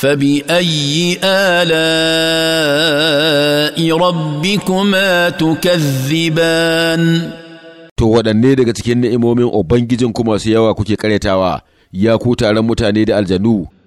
فباي الاء ربكما تكذبان to waɗanne daga cikin ni'imomin ubangijinku masu yawa kuke karetawa ya ku taron mutane da aljanu